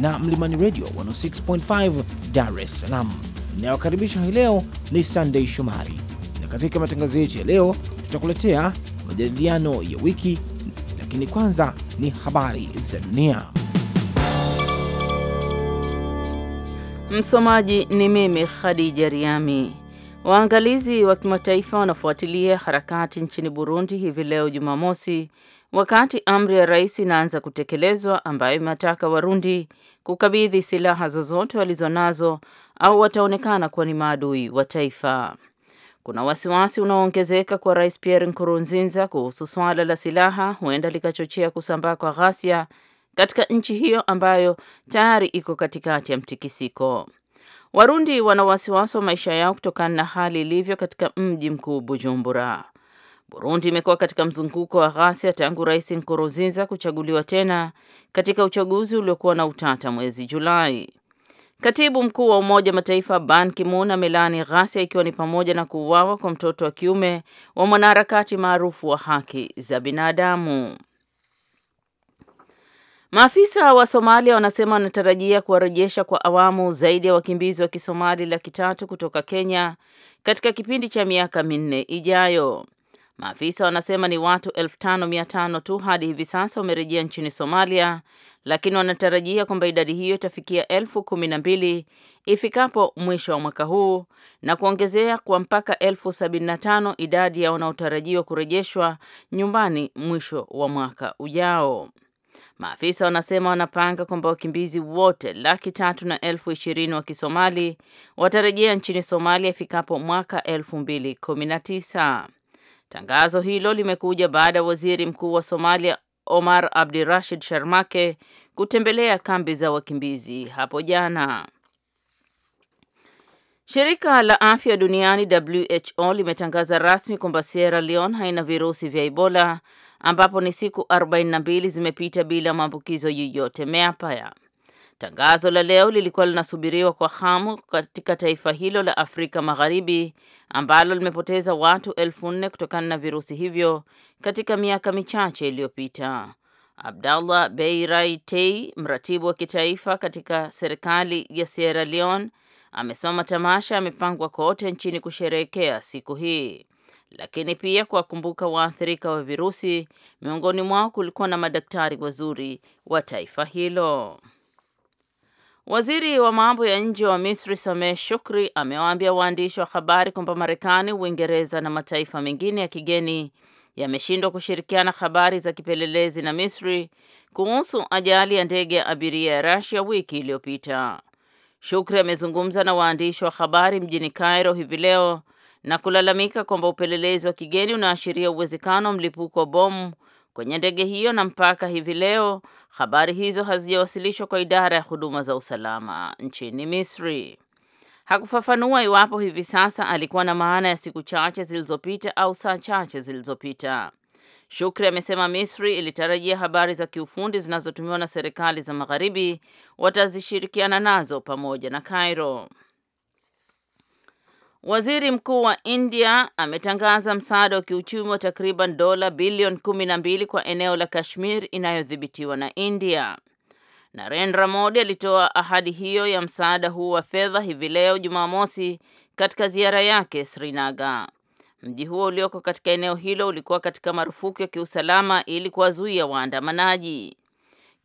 na Mlimani Radio 106.5 Dar es Salaam. Inayokaribisha hii leo ni Sunday Shomari, na katika matangazo yetu ya leo tutakuletea majadiliano ya wiki, lakini kwanza ni habari za dunia. Msomaji ni mimi Khadija Riami. Waangalizi wa kimataifa wanafuatilia harakati nchini Burundi hivi leo Jumamosi, wakati amri ya rais inaanza kutekelezwa ambayo imetaka Warundi kukabidhi silaha zozote walizonazo au wataonekana kuwa ni maadui wa taifa. Kuna wasiwasi unaoongezeka kwa Rais Pierre Nkurunziza kuhusu swala la silaha huenda likachochea kusambaa kwa ghasia katika nchi hiyo ambayo tayari iko katikati ya mtikisiko. Warundi wana wasiwasi wa maisha yao kutokana na hali ilivyo katika mji mkuu Bujumbura. Burundi imekuwa katika mzunguko wa ghasia tangu Rais Nkurunziza kuchaguliwa tena katika uchaguzi uliokuwa na utata mwezi Julai. Katibu mkuu wa Umoja Mataifa Ban Ki-moon amelaani ghasia ikiwa ni pamoja na kuuawa kwa mtoto wa kiume wa mwanaharakati maarufu wa haki za binadamu. Maafisa wa Somalia wanasema wanatarajia kuwarejesha kwa awamu zaidi ya wakimbizi wa Kisomali laki tatu kutoka Kenya katika kipindi cha miaka minne ijayo. Maafisa wanasema ni watu 5500 tu hadi hivi sasa wamerejea nchini Somalia, lakini wanatarajia kwamba idadi hiyo itafikia elfu kumi na mbili ifikapo mwisho wa mwaka huu na kuongezea kwa mpaka elfu idadi ya wanaotarajiwa kurejeshwa nyumbani mwisho wa mwaka ujao. Maafisa wanasema wanapanga kwamba wakimbizi wote laki tatu na elfu ishirini wa Kisomali watarejea nchini Somalia ifikapo mwaka elfu mbili kumi na tisa. Tangazo hilo limekuja baada ya waziri mkuu wa Somalia Omar Abdirashid Sharmake kutembelea kambi za wakimbizi hapo jana. Shirika la Afya Duniani WHO limetangaza rasmi kwamba Sierra Leone haina virusi vya Ebola ambapo ni siku 42 zimepita bila maambukizo yoyote mapya. Tangazo la leo lilikuwa linasubiriwa kwa hamu katika taifa hilo la Afrika Magharibi ambalo limepoteza watu elfu nne kutokana na virusi hivyo katika miaka michache iliyopita. Abdallah Beirai Tei, mratibu wa kitaifa katika serikali ya Sierra Leone, amesema matamasha yamepangwa kote nchini kusherehekea siku hii, lakini pia kuwakumbuka waathirika wa virusi. Miongoni mwao kulikuwa na madaktari wazuri wa taifa hilo. Waziri wa mambo ya nje wa Misri Sameh Shukri amewaambia waandishi wa habari kwamba Marekani, Uingereza na mataifa mengine ya kigeni yameshindwa kushirikiana habari za kipelelezi na Misri kuhusu ajali ya ndege ya abiria ya Russia wiki iliyopita. Shukri amezungumza na waandishi wa habari mjini Cairo hivi leo na kulalamika kwamba upelelezi wa kigeni unaashiria uwezekano wa mlipuko wa bomu kwenye ndege hiyo na mpaka hivi leo habari hizo hazijawasilishwa kwa idara ya huduma za usalama nchini Misri. Hakufafanua iwapo hivi sasa alikuwa na maana ya siku chache zilizopita au saa chache zilizopita. Shukri amesema Misri ilitarajia habari za kiufundi zinazotumiwa na serikali za Magharibi watazishirikiana nazo pamoja na Cairo. Waziri Mkuu wa India ametangaza msaada wa kiuchumi wa takriban dola bilioni kumi na mbili kwa eneo la Kashmir inayodhibitiwa na India. Narendra Modi alitoa ahadi hiyo ya msaada huu wa fedha hivi leo Jumamosi katika ziara yake Srinaga. Mji huo ulioko katika eneo hilo ulikuwa katika marufuku ya kiusalama ili kuwazuia waandamanaji.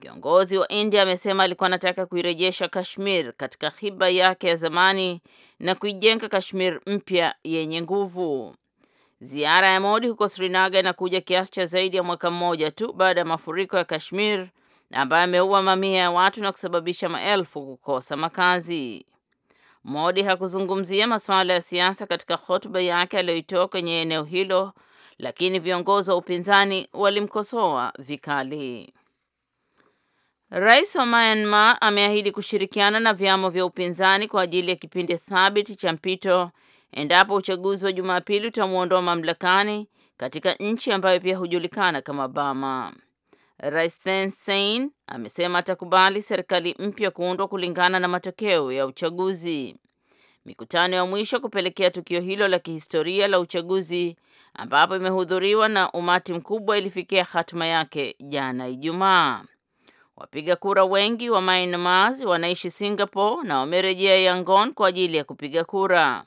Kiongozi wa India amesema alikuwa anataka kuirejesha Kashmir katika hiba yake ya zamani na kuijenga Kashmir mpya yenye nguvu. Ziara ya Modi huko Srinaga inakuja kiasi cha zaidi ya mwaka mmoja tu baada ya mafuriko ya Kashmir ambayo ameua mamia ya watu na kusababisha maelfu kukosa makazi. Modi hakuzungumzia masuala ya siasa katika hotuba yake aliyoitoa kwenye eneo hilo, lakini viongozi wa upinzani walimkosoa vikali. Rais wa Myanmar ameahidi kushirikiana na vyama vya upinzani kwa ajili ya kipindi thabiti cha mpito endapo uchaguzi wa Jumapili utamwondoa mamlakani katika nchi ambayo pia hujulikana kama bama Rais Thein Sein amesema atakubali serikali mpya kuundwa kulingana na matokeo ya uchaguzi. Mikutano ya mwisho kupelekea tukio hilo la kihistoria la uchaguzi ambapo imehudhuriwa na umati mkubwa ilifikia hatima yake jana Ijumaa. Wapiga kura wengi wa Myanmar wanaishi Singapore na wamerejea Yangon kwa ajili ya kupiga kura.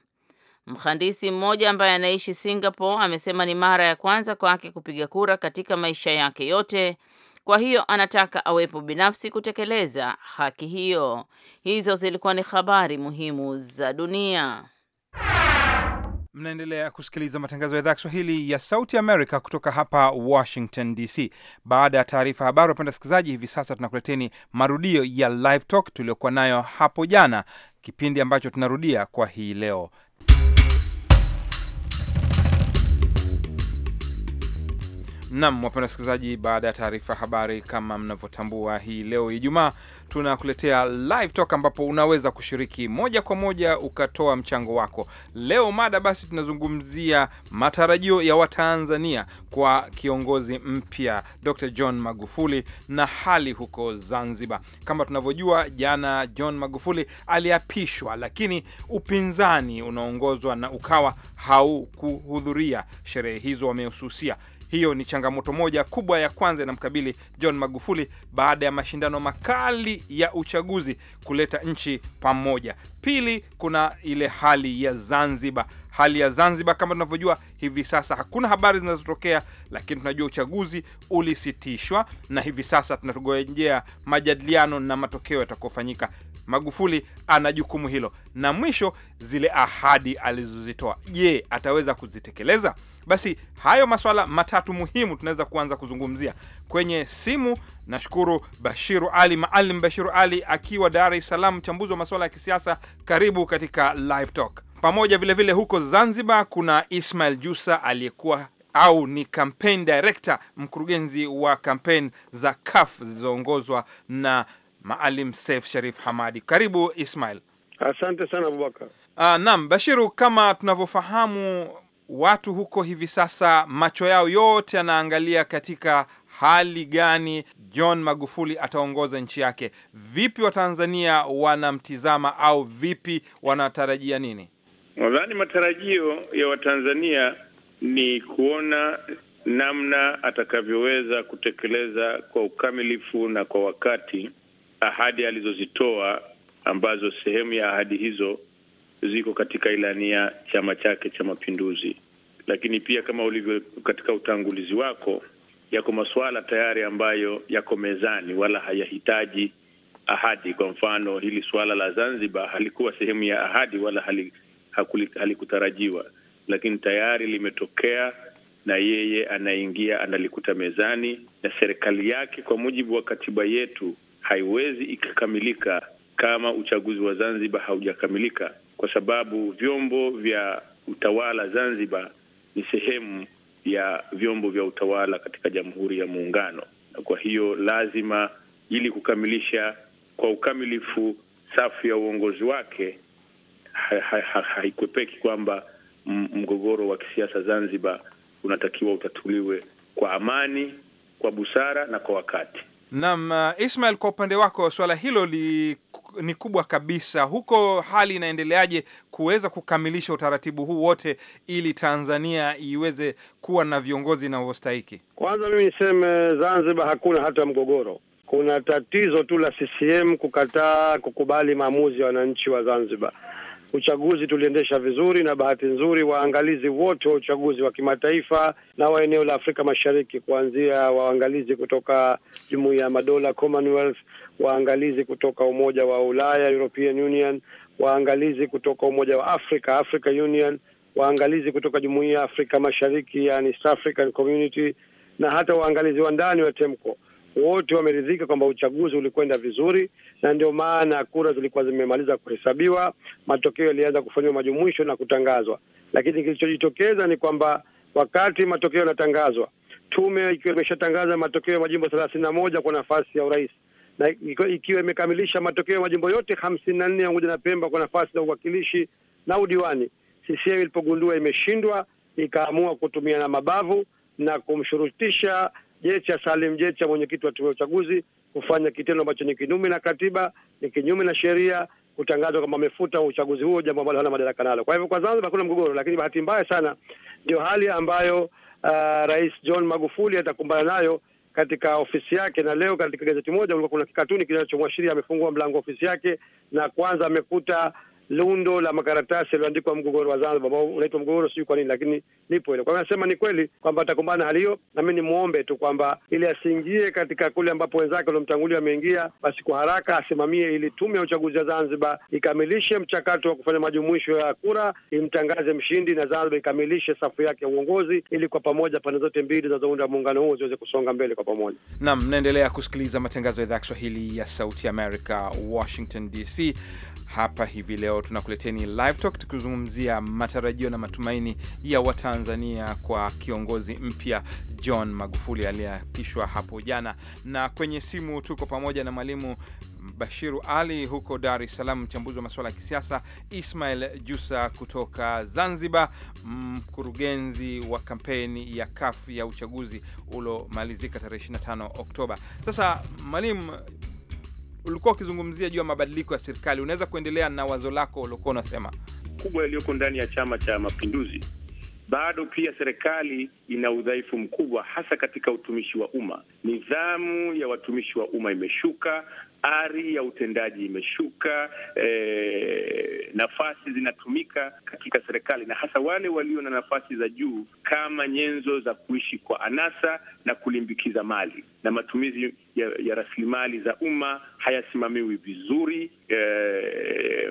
Mhandisi mmoja ambaye anaishi Singapore amesema ni mara ya kwanza kwake kupiga kura katika maisha yake yote, kwa hiyo anataka awepo binafsi kutekeleza haki hiyo. Hizo zilikuwa ni habari muhimu za dunia. Mnaendelea kusikiliza matangazo ya idhaa ya Kiswahili ya Sauti Amerika kutoka hapa Washington DC. Baada ya taarifa habari, wapenda wasikilizaji, hivi sasa tunakuleteni marudio ya Live Talk tuliyokuwa nayo hapo jana, kipindi ambacho tunarudia kwa hii leo. Nam, wapenda wasikilizaji, baada ya taarifa habari, kama mnavyotambua, hii leo Ijumaa tunakuletea live talk, ambapo unaweza kushiriki moja kwa moja ukatoa mchango wako. Leo mada basi tunazungumzia matarajio ya Watanzania kwa kiongozi mpya Dr. John Magufuli na hali huko Zanzibar. Kama tunavyojua, jana John Magufuli aliapishwa, lakini upinzani unaongozwa na Ukawa haukuhudhuria sherehe hizo, wamehususia hiyo ni changamoto moja kubwa ya kwanza inamkabili John Magufuli baada ya mashindano makali ya uchaguzi kuleta nchi pamoja. Pili, kuna ile hali ya Zanzibar. Hali ya Zanzibar kama tunavyojua hivi sasa hakuna habari zinazotokea, lakini tunajua uchaguzi ulisitishwa, na hivi sasa tunatugojea majadiliano na matokeo yatakayofanyika. Magufuli ana jukumu hilo. Na mwisho, zile ahadi alizozitoa, je, ataweza kuzitekeleza? Basi hayo maswala matatu muhimu tunaweza kuanza kuzungumzia kwenye simu. Nashukuru Bashiru Ali, Maalim Bashiru Ali akiwa Dar es Salaam, mchambuzi wa maswala ya kisiasa. Karibu katika Live Talk. Pamoja vilevile vile huko Zanzibar kuna Ismail Jusa aliyekuwa au ni campaign director, mkurugenzi wa campaign za CUF zilizoongozwa na Maalim Seif Sharif Hamadi. Karibu Ismail. Asante sana Abubakar. Ah, naam, Bashiru, kama tunavyofahamu watu huko hivi sasa macho yao yote yanaangalia katika hali gani John Magufuli ataongoza nchi yake. Vipi Watanzania wanamtizama au vipi wanatarajia nini? Nadhani matarajio ya Watanzania ni kuona namna atakavyoweza kutekeleza kwa ukamilifu na kwa wakati ahadi alizozitoa ambazo sehemu ya ahadi hizo ziko katika ilani ya chama chake cha Mapinduzi. Lakini pia kama ulivyo katika utangulizi wako, yako masuala tayari ambayo yako mezani wala hayahitaji ahadi. Kwa mfano, hili suala la Zanzibar halikuwa sehemu ya ahadi wala halikutarajiwa, lakini tayari limetokea na yeye anaingia analikuta mezani, na serikali yake kwa mujibu wa katiba yetu haiwezi ikakamilika kama uchaguzi wa Zanzibar haujakamilika kwa sababu vyombo vya utawala Zanzibar ni sehemu ya vyombo vya utawala katika Jamhuri ya Muungano, na kwa hiyo lazima, ili kukamilisha kwa ukamilifu safu ya uongozi wake, haikwepeki ha, ha, kwamba mgogoro wa kisiasa Zanzibar unatakiwa utatuliwe kwa amani, kwa busara na kwa wakati. Naam, uh, Ismail, kwa upande wako swala hilo li ni kubwa kabisa. Huko hali inaendeleaje kuweza kukamilisha utaratibu huu wote ili Tanzania iweze kuwa na viongozi inavyostahiki? Kwanza mimi niseme Zanzibar hakuna hata mgogoro. Kuna tatizo tu la CCM kukataa kukubali maamuzi ya wananchi wa Zanzibar uchaguzi tuliendesha vizuri, na bahati nzuri waangalizi wote wa uchaguzi wa kimataifa na wa eneo la Afrika Mashariki, kuanzia waangalizi kutoka Jumuiya ya Madola, Commonwealth, waangalizi kutoka Umoja wa Ulaya, European Union, waangalizi kutoka Umoja wa Afrika, Africa Union, waangalizi kutoka Jumuiya ya Afrika Mashariki, yani East African Community, na hata waangalizi wa ndani wa TEMCO wote wameridhika kwamba uchaguzi ulikwenda vizuri, na ndio maana kura zilikuwa zimemaliza kuhesabiwa, matokeo yalianza kufanyiwa majumuisho na kutangazwa. Lakini kilichojitokeza ni kwamba wakati matokeo yanatangazwa, tume ikiwa imeshatangaza matokeo ya majimbo thelathini na moja kwa nafasi ya urais na ikiwa imekamilisha matokeo ya majimbo yote hamsini na nne pamoja na Pemba kwa nafasi za uwakilishi na udiwani, CCM ilipogundua imeshindwa, ikaamua kutumia na mabavu na kumshurutisha Jecha Salim Jecha, mwenyekiti wa tume ya uchaguzi, kufanya kitendo ambacho ni kinyume na katiba, ni kinyume na sheria, kutangazwa kama amefuta uchaguzi huo, jambo ambalo hana madaraka nalo. Kwa hivyo, kwa Zanzibar hakuna mgogoro, lakini bahati mbaya sana ndio hali ambayo uh, Rais John Magufuli atakumbana nayo katika ofisi yake. Na leo katika gazeti moja kulikuwa kuna kikatuni kinachomwashiria amefungua mlango ofisi yake, na kwanza amekuta lundo la makaratasi yaliyoandikwa mgogoro wa Zanzibar ambao unaitwa mgogoro, sijui kwa nini, lakini nipo ile Kwa hiyo nasema ni kweli kwamba atakumbana hali hiyo, nami nimwombe tu kwamba ili asiingie katika kule ambapo wenzake waliomtangulia wameingia, basi kwa haraka asimamie ili tume ya uchaguzi wa Zanzibar ikamilishe mchakato wa kufanya majumuisho ya kura, imtangaze mshindi na Zanzibar ikamilishe safu yake ya uongozi, ili kwa pamoja pande zote mbili zinazounda muungano huo ziweze kusonga mbele kwa pamoja. Naam, mnaendelea kusikiliza matangazo ya idhaa ya Kiswahili ya Sauti ya Amerika, Washington DC. Hapa hivi leo leo tunakuleteni live talk tukizungumzia matarajio na matumaini ya Watanzania kwa kiongozi mpya John Magufuli aliyeapishwa hapo jana, na kwenye simu tuko pamoja na mwalimu Bashiru Ali huko Dar es Salaam, mchambuzi wa masuala ya kisiasa, Ismail Jusa kutoka Zanzibar, mkurugenzi wa kampeni ya kaf ya uchaguzi uliomalizika tarehe 25 Oktoba. Sasa mwalimu ulikuwa ukizungumzia juu ya mabadiliko ya serikali, unaweza kuendelea na wazo lako uliokuwa unasema kubwa yaliyoko ndani ya Chama cha Mapinduzi. Bado pia serikali ina udhaifu mkubwa, hasa katika utumishi wa umma. Nidhamu ya watumishi wa umma imeshuka, ari ya utendaji imeshuka, E, nafasi zinatumika katika serikali na hasa wale walio na nafasi za juu kama nyenzo za kuishi kwa anasa na kulimbikiza mali, na matumizi ya, ya rasilimali za umma hayasimamiwi vizuri. E,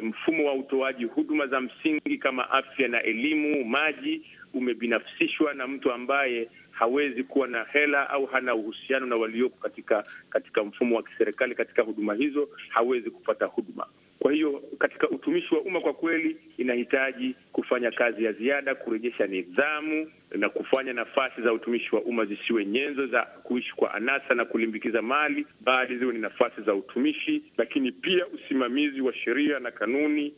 mfumo wa utoaji huduma za msingi kama afya na elimu, maji umebinafsishwa na mtu ambaye hawezi kuwa na hela au hana uhusiano na walioko katika katika mfumo wa kiserikali katika huduma hizo, hawezi kupata huduma. Kwa hiyo katika utumishi wa umma kwa kweli inahitaji kufanya kazi ya ziada, kurejesha nidhamu na kufanya nafasi za utumishi wa umma zisiwe nyenzo za kuishi kwa anasa na kulimbikiza mali, bali ziwe ni nafasi za utumishi, lakini pia usimamizi wa sheria na kanuni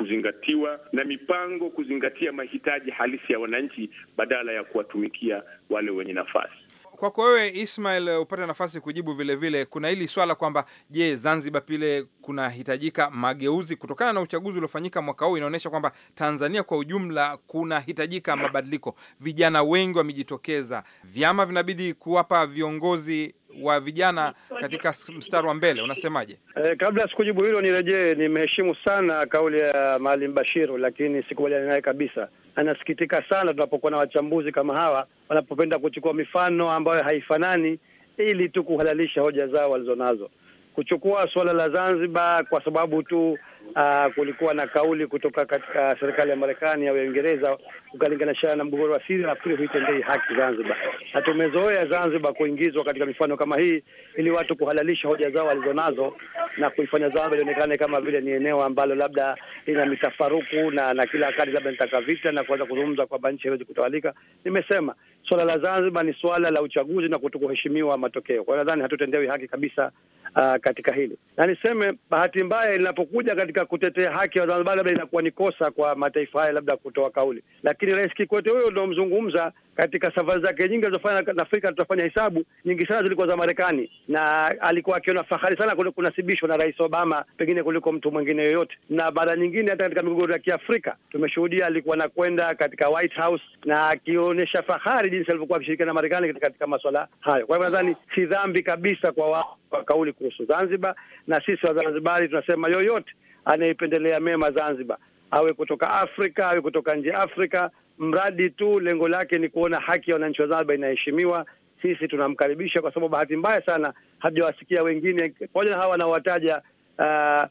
kuzingatiwa na mipango kuzingatia mahitaji halisi ya wananchi badala ya kuwatumikia wale wenye nafasi. Kwako wewe Ismail, upate nafasi kujibu vilevile vile. Kuna hili swala kwamba je, Zanzibar pile kunahitajika mageuzi kutokana na uchaguzi uliofanyika mwaka huu. Inaonyesha kwamba Tanzania kwa ujumla kunahitajika mabadiliko. Vijana wengi wamejitokeza, vyama vinabidi kuwapa viongozi wa vijana katika mstari wa mbele, unasemaje? Eh, kabla sikujibu hilo, nirejee. Nimeheshimu sana kauli ya Maalim Bashiru, lakini sikubaliani naye kabisa. Anasikitika sana tunapokuwa na wachambuzi kama hawa wanapopenda kuchukua mifano ambayo haifanani ili tu kuhalalisha hoja zao walizonazo. Kuchukua suala la Zanzibar kwa sababu tu uh, kulikuwa na kauli kutoka katika serikali ya Marekani au ya Uingereza ukalinganishana na mgogoro wa Syria, nafikiri huitendei haki Zanzibar, na tumezoea Zanzibar kuingizwa katika mifano kama hii ili watu kuhalalisha hoja zao walizonazo na kuifanya Zanzibar ionekane kama vile ni eneo ambalo labda lina mitafaruku na na kila wakati labda nitaka vita na kuanza kuzungumza kwamba nchi haiwezi kutawalika. Nimesema swala la Zanzibar ni swala la uchaguzi na kutokuheshimiwa matokeo. Kwa hiyo nadhani hatutendewi haki kabisa uh, katika hili, na niseme bahati mbaya linapokuja katika kutetea haki ya Wazanzibari, labda inakuwa ni kosa kwa mataifa haya labda kutoa kauli, lakini Rais Kikwete huyo unaomzungumza katika safari zake nyingi alizofanya na Afrika, tutafanya hesabu nyingi sana zilikuwa za Marekani, na alikuwa akiona fahari sana kunasibishwa na Rais Obama pengine kuliko mtu mwingine yoyote. Na mara nyingine hata katika migogoro ya Kiafrika tumeshuhudia alikuwa anakwenda katika White House na akionyesha fahari jinsi alivyokuwa akishirikiana na Marekani katika, katika masuala hayo. Kwa hivyo nadhani si dhambi kabisa kwa wao kwa kauli kuhusu Zanzibar, na sisi Wazanzibari tunasema yoyote anayependelea mema Zanzibar, awe kutoka Afrika awe kutoka nje ya Afrika, mradi tu lengo lake ni kuona haki ya wananchi wa Zanzibar inaheshimiwa, sisi tunamkaribisha, kwa sababu bahati mbaya sana hatujawasikia wengine, pamoja na hawa wanaowataja uh,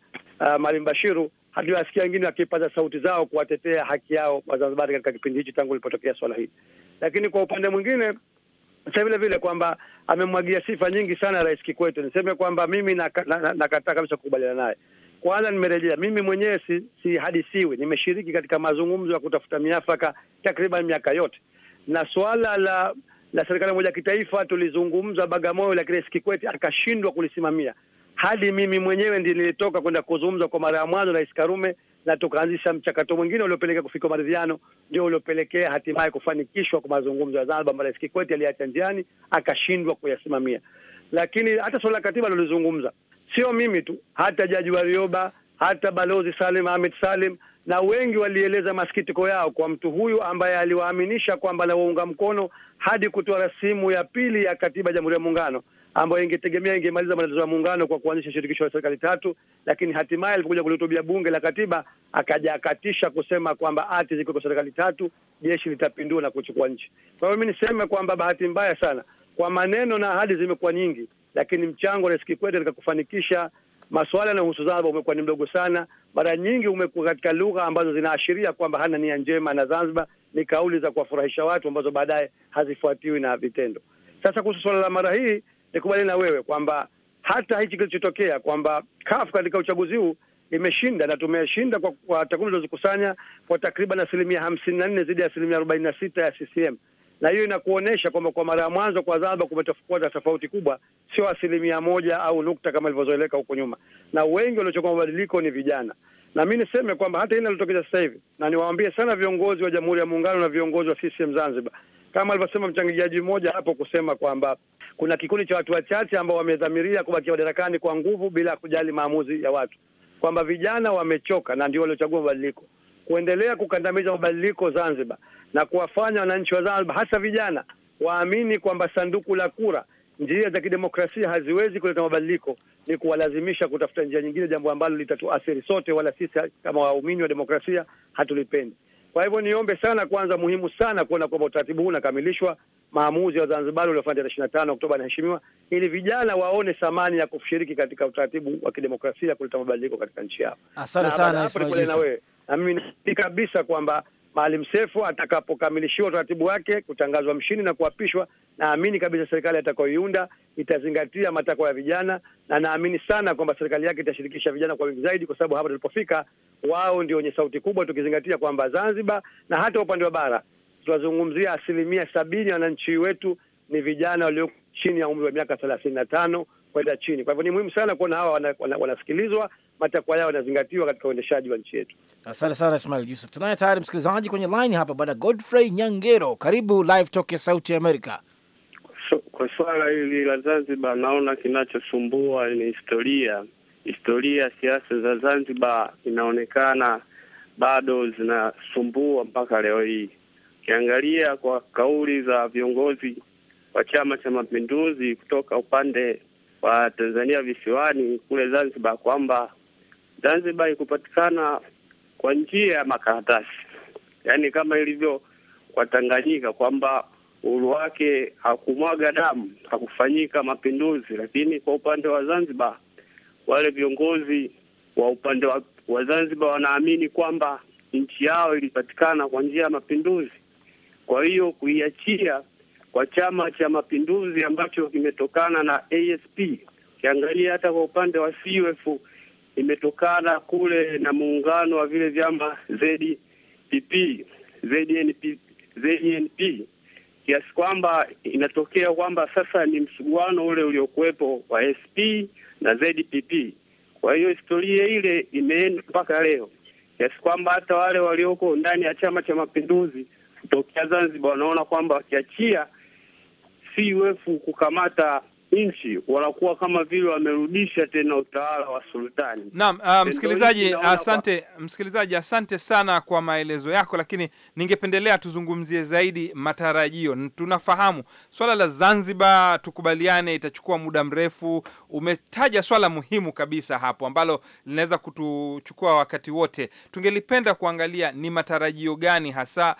uh, Maalim Bashiru, hatujawasikia wengine wakipaza sauti zao kuwatetea haki yao Wazanzibari katika kipindi hichi tangu lipotokea swala hili. Lakini kwa upande mwingine sa vile vile kwamba amemwagia sifa nyingi sana Rais Kikwete. Niseme kwamba mimi nakataa na, na, na kabisa kukubaliana naye kwanza nimerejea mimi mwenyewe si, si hadisiwi, nimeshiriki katika mazungumzo ya kutafuta miafaka takriban miaka yote, na swala la la serikali moja ya kitaifa tulizungumza Bagamoyo, lakini Kikwete akashindwa kulisimamia. Hadi mimi mwenyewe ndi nilitoka kwenda kuzungumza kwa mara ya mwanzo na Rais Karume, na tukaanzisha mchakato mwingine uliopelekea kufika maridhiano, ndio uliopelekea hatimaye kufanikishwa kwa mazungumzo ya Zanzibar ambayo Rais Kikwete aliacha njiani, akashindwa kuyasimamia. Lakini hata suala la katiba lilizungumza Sio mimi tu, hata Jaji Warioba, hata Balozi Salim Ahmed Salim na wengi walieleza masikitiko yao kwa mtu huyu ambaye aliwaaminisha kwamba anawaunga mkono hadi kutoa rasimu ya pili ya katiba ya Jamhuri ya Muungano ambayo ingetegemea ingemaliza matatizo ya muungano kwa kuanzisha shirikisho la serikali tatu, lakini hatimaye alipokuja kulihutubia bunge la katiba akaja akatisha kusema kwamba ati ziko kwa serikali tatu, jeshi litapindua na kuchukua nchi. Kwa hiyo mimi niseme kwamba bahati mbaya sana kwa maneno na ahadi zimekuwa nyingi, lakini mchango wa Rais Kikwete katika kufanikisha masuala yanayohusu Zanzibar umekuwa ni mdogo sana. Mara nyingi umekuwa katika lugha ambazo zinaashiria kwamba hana nia njema na Zanzibar, ni kauli za kuwafurahisha watu ambazo baadaye hazifuatiwi na vitendo. Sasa kuhusu suala la mara hii, nikubali na wewe kwamba hata hichi kilichotokea kwamba kafu katika uchaguzi huu imeshinda na tumeshinda kwa, kwa takwimu zilizokusanya kwa takriban asilimia hamsini na nne zidi ya asilimia arobaini na sita ya CCM na hiyo inakuonyesha kwamba kwa mara ya mwanzo kwa Zanzibar kumekuwa tofauti kubwa, sio asilimia moja au nukta kama ilivyozoeleka huko nyuma, na wengi waliochukua mabadiliko ni vijana. Na mi niseme kwamba hata ile inalotokea sasa hivi, na niwaambie sana viongozi wa Jamhuri ya Muungano na viongozi wa CCM Zanzibar, kama alivyosema mchangiaji mmoja hapo kusema kwamba kuna kikundi cha watu wachache ambao wamedhamiria kubakia madarakani kwa nguvu bila kujali maamuzi ya watu, kwamba vijana wamechoka na ndio waliochagua mabadiliko. Kuendelea kukandamiza mabadiliko Zanzibar na kuwafanya wananchi wa Zanzibar hasa vijana waamini kwamba sanduku la kura, njia za kidemokrasia haziwezi kuleta mabadiliko, ni kuwalazimisha kutafuta njia nyingine, jambo ambalo litatuathiri sote, wala sisi kama waumini wa demokrasia hatulipendi. Kwa hivyo niombe sana, kwanza muhimu sana kuona kwamba utaratibu huu unakamilishwa, maamuzi ya Zanzibar uliofanya tarehe ishirini na tano Oktoba ili vijana waone thamani ya kushiriki katika utaratibu wa kidemokrasia kuleta mabadiliko katika nchi yao. Asante sana, na mimi ni kabisa kwamba Maalim Seif atakapokamilishiwa utaratibu wake kutangazwa mshindi na kuapishwa, naamini kabisa serikali atakayoiunda itazingatia matakwa ya vijana, na naamini sana kwamba serikali yake itashirikisha vijana kwa wingi zaidi, kwa sababu hapa tulipofika wao ndio wenye sauti kubwa, tukizingatia kwamba Zanzibar na hata upande wa bara tunazungumzia asilimia sabini ya wananchi wetu ni vijana walio chini ya umri wa miaka thelathini na tano kwenda chini. Kwa hivyo ni muhimu sana kuona hawa wanasikilizwa, wana, wana matakwa yao yanazingatiwa katika uendeshaji wa nchi yetu. Asante sana Ismail Yusuf. Tunaye tayari msikilizaji kwenye line hapa, Bwana Godfrey Nyangero, karibu Live Talk ya Sauti ya Amerika. So, kwa swala hili la Zanzibar naona kinachosumbua ni historia. Historia siasa za Zanzibar inaonekana bado zinasumbua mpaka leo hii. Ukiangalia kwa kauli za viongozi wa Chama cha Mapinduzi kutoka upande wa Tanzania visiwani kule Zanzibar kwamba Zanzibar ikupatikana kwa njia ya makaratasi, yaani kama ilivyo kwa Tanganyika kwamba uhuru wake hakumwaga damu, hakufanyika mapinduzi. Lakini kwa upande wa Zanzibar, wale viongozi wa upande wa, wa Zanzibar wanaamini kwamba nchi yao ilipatikana kwa njia ya mapinduzi. Kwa hiyo kuiachia kwa Chama cha Mapinduzi ambacho kimetokana na ASP. Ukiangalia hata kwa upande wa CUF imetokana kule na muungano wa vile vyama ZPP, ZNP, ZNP kiasi kwamba inatokea kwamba sasa ni msuguano ule uliokuwepo wa SP na ZPP. Kwa hiyo historia ile imeenda mpaka leo kiasi kwamba hata wale walioko ndani ya Chama cha Mapinduzi kutokea Zanzibar wanaona kwamba wakiachia CUF kukamata nchi wanakuwa kama vile wamerudisha tena utawala wa sultani. Naam, uh, msikilizaji asante, msikilizaji asante sana kwa maelezo yako, lakini ningependelea tuzungumzie zaidi matarajio. Tunafahamu swala la Zanzibar, tukubaliane, itachukua muda mrefu. Umetaja swala muhimu kabisa hapo ambalo linaweza kutuchukua wakati wote. Tungelipenda kuangalia ni matarajio gani hasa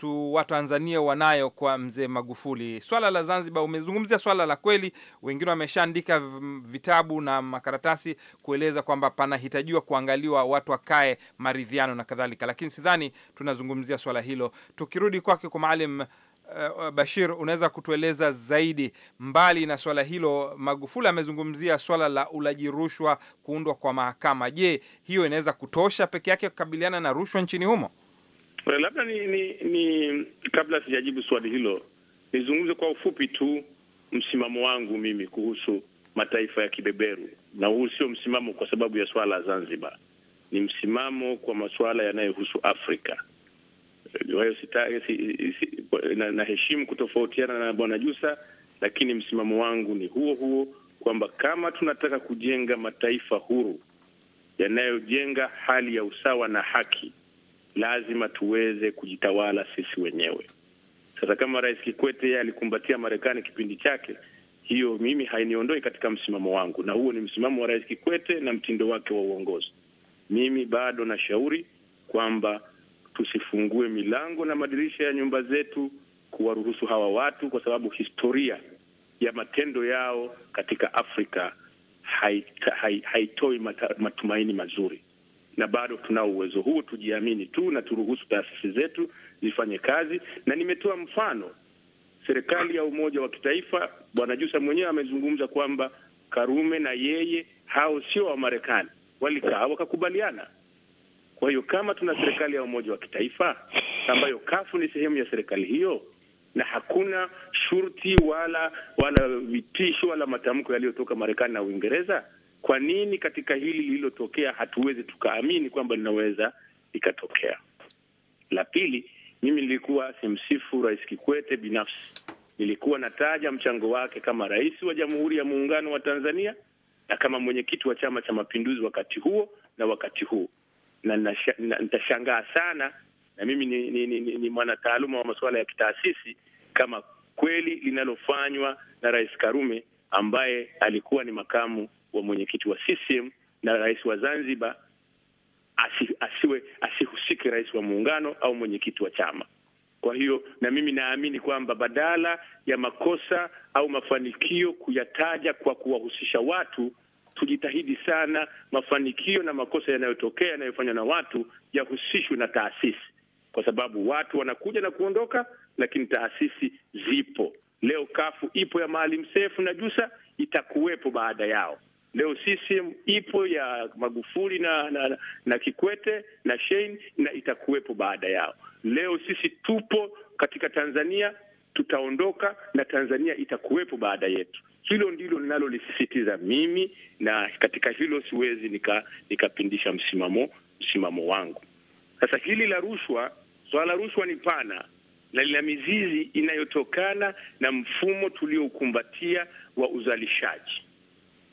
tu Watanzania wanayo kwa mzee Magufuli. Swala la Zanzibar umezungumzia swala la kweli, wengine wameshaandika vitabu na makaratasi kueleza kwamba panahitajiwa kuangaliwa, watu wakae maridhiano na kadhalika, lakini sidhani tunazungumzia swala hilo. Tukirudi kwake kwa Maalim eh, eh, Bashir, unaweza kutueleza zaidi, mbali na swala hilo, Magufuli amezungumzia swala la ulaji rushwa, kuundwa kwa mahakama. Je, hiyo inaweza kutosha peke yake kukabiliana na rushwa nchini humo? Eh, labda ni, ni, ni kabla sijajibu swali hilo nizungumze kwa ufupi tu msimamo wangu mimi kuhusu mataifa ya kibeberu, na huu sio msimamo kwa sababu ya swala la Zanzibar, ni msimamo kwa masuala yanayohusu Afrika. Eh, kwa hiyo naheshimu kutofautiana na Bwana Jusa, lakini msimamo wangu ni huo huo kwamba kama tunataka kujenga mataifa huru yanayojenga hali ya usawa na haki lazima tuweze kujitawala sisi wenyewe. Sasa kama Rais Kikwete yeye alikumbatia Marekani kipindi chake, hiyo mimi hainiondoi katika msimamo wangu, na huo ni msimamo wa Rais Kikwete na mtindo wake wa uongozi. Mimi bado nashauri kwamba tusifungue milango na madirisha ya nyumba zetu kuwaruhusu hawa watu, kwa sababu historia ya matendo yao katika Afrika haitoi hai, hai matumaini mazuri na bado tunao uwezo huo. Tujiamini tu na turuhusu taasisi zetu zifanye kazi, na nimetoa mfano serikali ya umoja wa kitaifa. Bwana Jusa mwenyewe amezungumza kwamba Karume na yeye hao sio Wamarekani, walikaa wakakubaliana. Kwa hiyo kama tuna serikali ya umoja wa kitaifa ambayo kafu ni sehemu ya serikali hiyo, na hakuna shurti wala wala vitisho wala matamko yaliyotoka Marekani na Uingereza kwa nini katika hili lililotokea hatuwezi tukaamini kwamba linaweza ikatokea La pili, mimi nilikuwa simsifu Rais Kikwete binafsi, nilikuwa nataja mchango wake kama rais wa Jamhuri ya Muungano wa Tanzania na kama mwenyekiti wa Chama cha Mapinduzi wakati huo na wakati huu, na nitashangaa sana na mimi ni, ni, ni, ni, ni mwanataaluma wa masuala ya kitaasisi kama kweli linalofanywa na Rais Karume ambaye alikuwa ni makamu wa mwenyekiti wa CCM na rais wa Zanzibar asi, asiwe asihusiki rais wa muungano au mwenyekiti wa chama. Kwa hiyo na mimi naamini kwamba badala ya makosa au mafanikio kuyataja kwa kuwahusisha watu, tujitahidi sana mafanikio na makosa yanayotokea yanayofanywa na watu yahusishwe na taasisi, kwa sababu watu wanakuja na kuondoka, lakini taasisi zipo. Leo kafu ipo ya Maalim Seif na Jusa itakuwepo baada yao. Leo CCM ipo ya Magufuli na, na na Kikwete na Shein na itakuwepo baada yao. Leo sisi tupo katika Tanzania, tutaondoka na Tanzania itakuwepo baada yetu. Hilo ndilo ninalolisisitiza mimi, na katika hilo siwezi nika, nikapindisha msimamo msimamo wangu. Sasa hili la rushwa, swala la rushwa ni pana na lina mizizi inayotokana na mfumo tuliokumbatia wa uzalishaji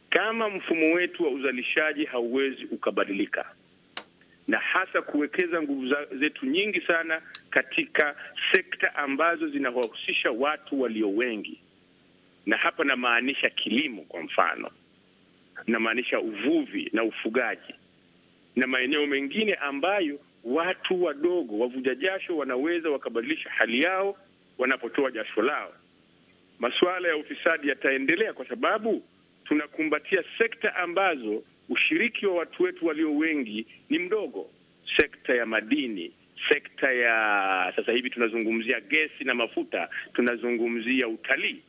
kama mfumo wetu wa uzalishaji hauwezi ukabadilika, na hasa kuwekeza nguvu zetu nyingi sana katika sekta ambazo zinawahusisha watu walio wengi, na hapa namaanisha kilimo, kwa mfano, namaanisha uvuvi na ufugaji na maeneo mengine ambayo watu wadogo wavuja jasho wanaweza wakabadilisha hali yao wanapotoa jasho lao. Masuala ya ufisadi yataendelea kwa sababu tunakumbatia sekta ambazo ushiriki wa watu wetu walio wengi ni mdogo, sekta ya madini sekta ya sasa hivi tunazungumzia gesi na mafuta, tunazungumzia utalii,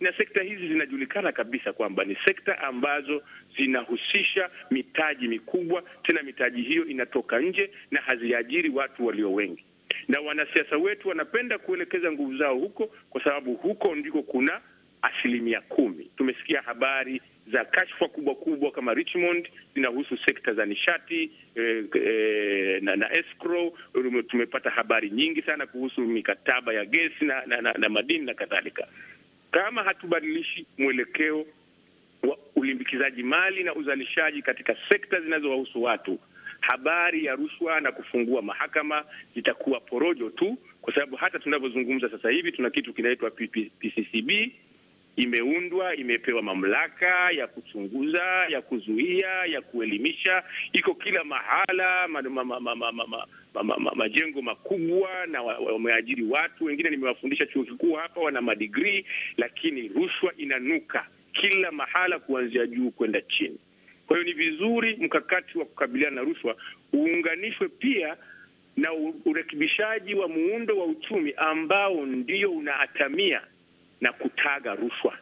na sekta hizi zinajulikana kabisa kwamba ni sekta ambazo zinahusisha mitaji mikubwa, tena mitaji hiyo inatoka nje na haziajiri watu walio wengi, na wanasiasa wetu wanapenda kuelekeza nguvu zao huko, kwa sababu huko ndiko kuna asilimia kumi. Tumesikia habari za kashfa kubwa kubwa kama Richmond zinahusu sekta za nishati e, e, na, na escrow. Tumepata habari nyingi sana kuhusu mikataba ya gesi na, na, na, na madini na kadhalika. Kama hatubadilishi mwelekeo wa ulimbikizaji mali na uzalishaji katika sekta zinazowahusu watu, habari ya rushwa na kufungua mahakama zitakuwa porojo tu, kwa sababu hata tunavyozungumza sasa hivi tuna kitu kinaitwa PCCB imeundwa, imepewa mamlaka ya kuchunguza, ya kuzuia, ya kuelimisha, iko kila mahala majengo makubwa na wameajiri watu wengine, nimewafundisha chuo kikuu hapa, wana madigrii, lakini rushwa inanuka kila mahala, kuanzia juu kwenda chini. Kwa hiyo ni vizuri mkakati wa kukabiliana na rushwa uunganishwe pia na urekebishaji wa muundo wa uchumi ambao ndio unaatamia na kutaga rushwa.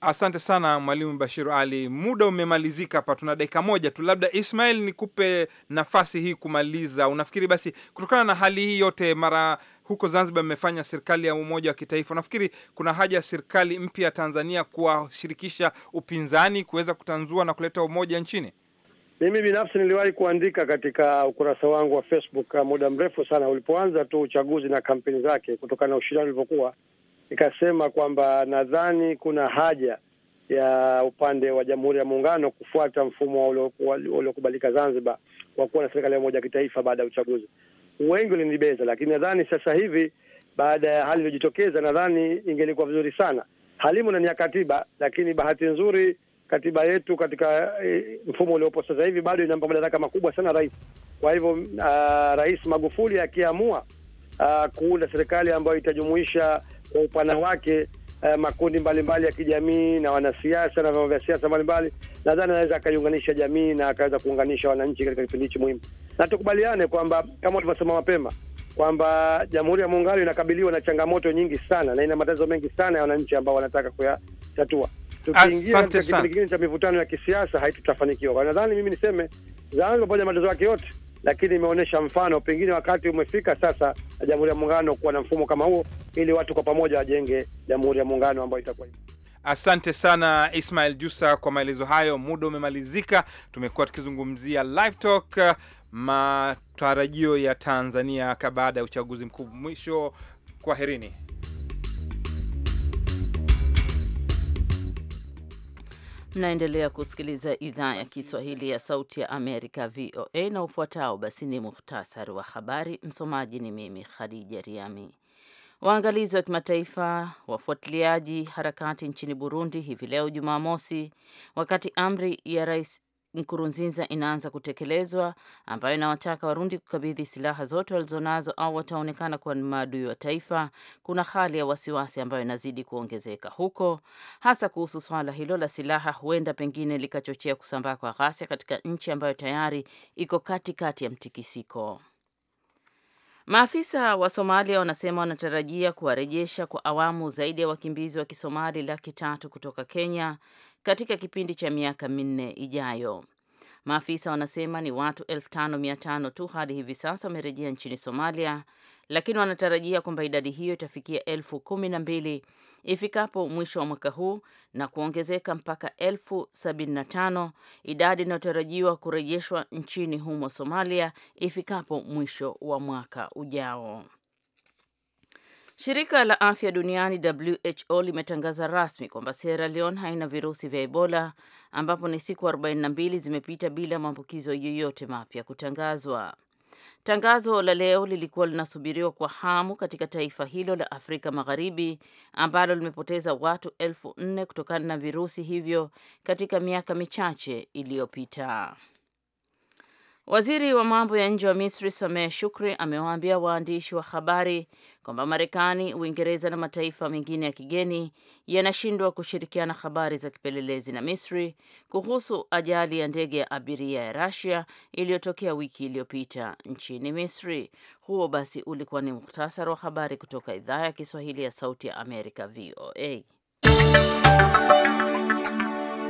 Asante sana Mwalimu Bashiru Ali, muda umemalizika hapa, tuna dakika moja tu. Labda Ismail, nikupe nafasi hii kumaliza. Unafikiri basi kutokana na hali hii yote, mara huko Zanzibar imefanya serikali ya umoja wa kitaifa, unafikiri kuna haja ya serikali mpya ya Tanzania kuwashirikisha upinzani kuweza kutanzua na kuleta umoja nchini? Mimi binafsi niliwahi kuandika katika ukurasa wangu wa Facebook muda mrefu sana, ulipoanza tu uchaguzi na kampeni zake, kutokana na ushindani ulivyokuwa nikasema kwamba nadhani kuna haja ya upande wa Jamhuri ya Muungano kufuata mfumo uliokubalika Zanzibar wa kuwa na serikali ya umoja wa kitaifa baada ya uchaguzi. Wengi walinibeza, lakini nadhani sasa hivi baada ya hali iliyojitokeza, nadhani ingelikuwa vizuri sana. Halimu ni ya katiba, lakini bahati nzuri katiba yetu katika e, mfumo uliopo sasa hivi bado inampa madaraka makubwa sana rais. Kwa hivyo Rais Magufuli akiamua kuunda serikali ambayo itajumuisha kwa upana wake eh, makundi mbalimbali mbali ya kijamii na wanasiasa na vyama vya siasa mbalimbali, nadhani anaweza akaiunganisha jamii na akaweza kuunganisha wananchi katika kipindi hichi muhimu, na tukubaliane kwamba kama ulivyosema mapema kwamba Jamhuri ya Muungano inakabiliwa na changamoto nyingi sana na ina matatizo mengi sana ya wananchi ambao wanataka kuyatatua. Tukiingia katika kipindi kingine cha mivutano ya kisiasa haitutafanikiwa. Kwa nadhani mimi niseme Zanzibar pamoja na matatizo yake yote lakini imeonyesha mfano, pengine wakati umefika sasa na Jamhuri ya Muungano kuwa na mfumo kama huo, ili watu kwa pamoja wajenge Jamhuri ya Muungano ambayo itakuwa Asante sana Ismail Jusa kwa maelezo hayo. Muda umemalizika. Tumekuwa tukizungumzia Live Talk, matarajio ya Tanzania baada ya uchaguzi mkuu. Mwisho, kwaherini. Mnaendelea kusikiliza idhaa ya Kiswahili ya Sauti ya Amerika, VOA, na ufuatao basi ni muhtasari wa habari. Msomaji ni mimi Khadija Riami. Waangalizi wa kimataifa wafuatiliaji harakati nchini Burundi hivi leo Jumamosi, wakati amri ya rais Nkurunziza inaanza kutekelezwa, ambayo inawataka Warundi kukabidhi silaha zote walizonazo au wataonekana kuwa ni maadui wa taifa. Kuna hali ya wasiwasi ambayo inazidi kuongezeka huko, hasa kuhusu swala hilo la silaha, huenda pengine likachochea kusambaa kwa ghasia katika nchi ambayo tayari iko katikati ya mtikisiko. Maafisa wa Somalia wanasema wanatarajia kuwarejesha kwa awamu zaidi ya wakimbizi wa Kisomali laki tatu kutoka Kenya katika kipindi cha miaka minne ijayo. Maafisa wanasema ni watu 5500 tu hadi hivi sasa wamerejea nchini Somalia, lakini wanatarajia kwamba idadi hiyo itafikia elfu kumi na mbili ifikapo mwisho wa mwaka huu na kuongezeka mpaka elfu sabini na tano idadi inayotarajiwa kurejeshwa nchini humo Somalia ifikapo mwisho wa mwaka ujao. Shirika la afya duniani WHO limetangaza rasmi kwamba Sierra Leone haina virusi vya Ebola, ambapo ni siku 42 zimepita bila maambukizo yoyote mapya kutangazwa. Tangazo la leo lilikuwa linasubiriwa kwa hamu katika taifa hilo la Afrika Magharibi ambalo limepoteza watu elfu nne kutokana na virusi hivyo katika miaka michache iliyopita. Waziri wa mambo ya nje wa Misri Sameh Shukri amewaambia waandishi wa habari kwamba Marekani, Uingereza na mataifa mengine ya kigeni yanashindwa kushirikiana habari za kipelelezi na Misri kuhusu ajali ya ndege ya abiria ya rasia iliyotokea wiki iliyopita nchini Misri. Huo basi ulikuwa ni muhtasari wa habari kutoka idhaa ya Kiswahili ya Sauti ya Amerika, VOA.